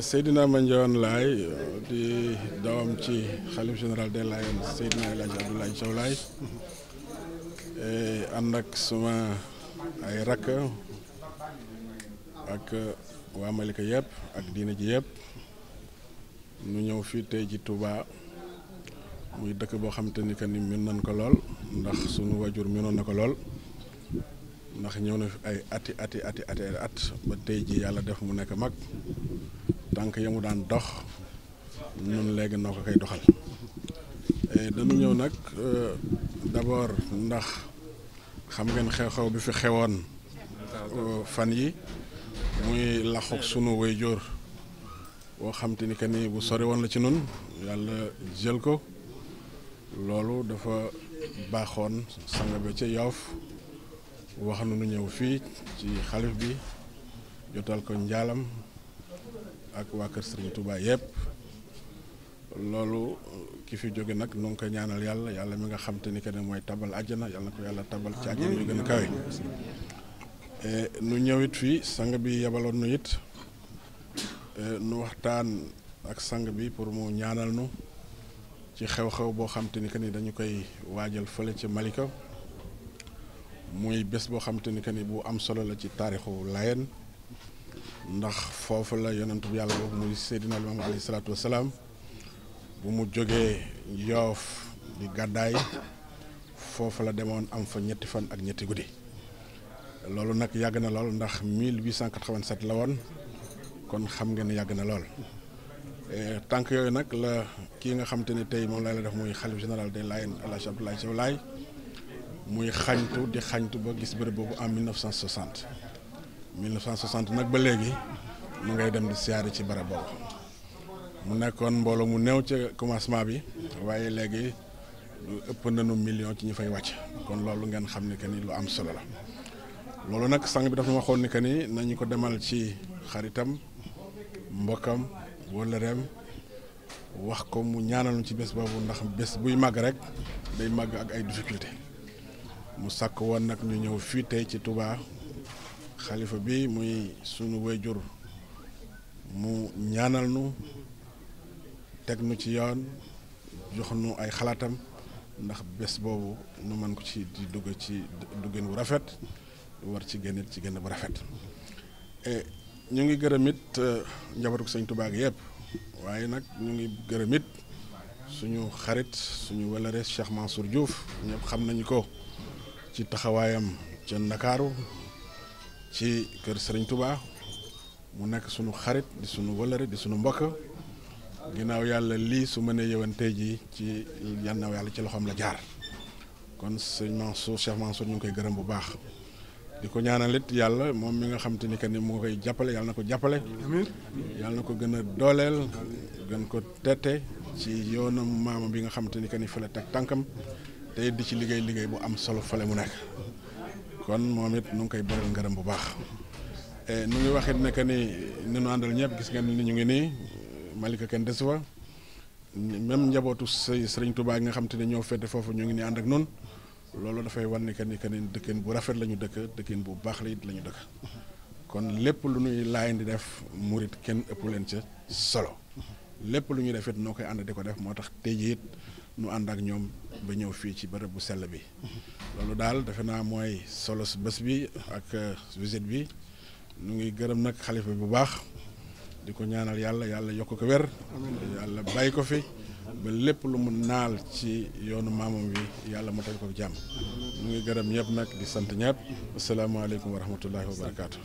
Seydina Mandione Laye di doom ci xalif général des Layènes Seydina El Hadj Abdoulaye Thiaw Laye eh, ak suma ay rakk ak waa Malika yëpp ak diine ji yëpp ñu ñëw fii tey ji Touba muy dëkk boo xam te ni que ni nañ ko lool ndax sunu wajur mënoon na ko lool ndax ñëw na fi ay ati ati ati ati at ba tey ji yàlla def mu nekk mag tànk ya mu daan dox ñun léegi noo ko koy doxal eh, dañu ñëw nag eh, d'abord ndax xam ngeen xew-xew bi fi xewoon eh, fan yi muy laxoog sunu waajur boo xam te ni que ni bu sori woon la ci nun yàlla jël ko loolu dafa baaxoon sang bi ci yoof wax nu nu ñëw fii ci xalif bi jotal ko njaalam ak waa kër Serigne Touba yëpp loolu uh, ki fi jóge nag nu ngi koy ñaanal yàlla yàlla mi nga xam te ni que ne mooy tabal àjjana yàlla ko yàlla tabal ci àjjana yu gën a kawe e, nu ñëw fii sang bi yebaloon nu it e, nu waxtaan ak sang bi pour mu ñaanal nu ci xew-xew boo xam te ni que ni dañu koy waajal fële ci Malika muy bés boo xam te ni que ni bu am solo la ci taarixu Layeen ndax foofu la yonent bu yàlla boobu muy Seydina Limaamu alayhi mu jógee yoof di gàddaay foofu la demoon am fa ñetti fan ak ñetti guddi loolu nag yàgg na lool ndax 1887 la woon kon xam ngeen yàgg na lool eh, tànk yooyu nag la kii nga xam te ni moom laa la def muy xalif général de Layènes El Hadj Abdoulaye muy xañtu di xañtu ba gis bërëb boobu en 1960. 1960 nag ba léegi mu ngay dem di siyaare ci barab boobu mu nekkoon mbooloo mu néew ci commencement bi waaye léegi lu ëpp nañu million ci ñu fay wàcc kon loolu ngeen xam ni que ni lu am solo la loolu nag sang bi dafa ma waxoon ni que ni nañu ko demal ci xaritam mbokkam wóllëreem wax ko mu ñaanal ci bés boobu ndax bés buy màgg rek day màgg ak ay difficulté mu sàkk woon nag ñu ñëw fii tey ci tubaa xalifa bi muy sunu wayjur mu ñaanal nu teg nu ci yoon jox nu ay xalaatam ndax bés boobu nu mën ko ci di dugg ci duggin bu rafet war ci génn ci génn bu rafet e, ñu ngi gërëm it e, njabootu sëñ Tuubaa yëpp waaye nag ñu ngi gërëm suñu xarit suñu wëlëre Cheikh Mansour juuf ñëpp xam nañu ko ci taxawaayam ca Ndakaaru ci kër Serigne Touba mu nekk sunu xarit di sunu wëlëre di sunu mbokk ginnaaw yàlla lii su mënee yëwan tey jii ci yannaaw yàlla ci loxoom la jaar kon sëñ Mansour Cheikh Mansour ñu ngi koy gërëm bu baax di ko ñaanal it yàlla moom mi nga xam te ni que ni mu ngi koy jàppale yàlla na ko jàppale. amiin yàlla na ko gën a dooleel gën ko tette ci yoonam maama bi nga xam te ni que ni fële teg tànkam tey di ci liggéey liggéey bu am solo fële mu nekk. kon moom it nu ngi koy beral ngërëm bu baax eh, nu ngi waxit ne que ni ñu àndal ñëpp gis ngeen ni ñu ngi nii Malika kenn desu fa même njabootu sëy Sëriñ Tuubaa yi nga xam ne ñoo fete foofu ñu ngi nii ànd ak noonu loolu dafay wan ne que ni que ni bu rafet la ñu dëkk dëkkin bu baax la it la ñu dëkk kon lépp lu ñuy laay di def murit kenn ëpp leen ca solo lépp lu ñuy def it noo koy ànd di ko def moo tax tey it nu ànd ak ñoom ba ñëw fii ci bërëb bu sell bi loolu daal defe naa mooy solo bés bi ak euh, visite bi mu ngi gërëm nag xalifa bu baax di ko ñaanal yàlla yàlla yokk ko wér yàlla bàyyi ko fi ba lépp lu mu naal ci yoonu maamam bi yàlla teg ko jàmm mu ngi gërëm ñëpp nag di sant ñëpp asalaamaaleykum wa rahmatullahi wa barakaatu.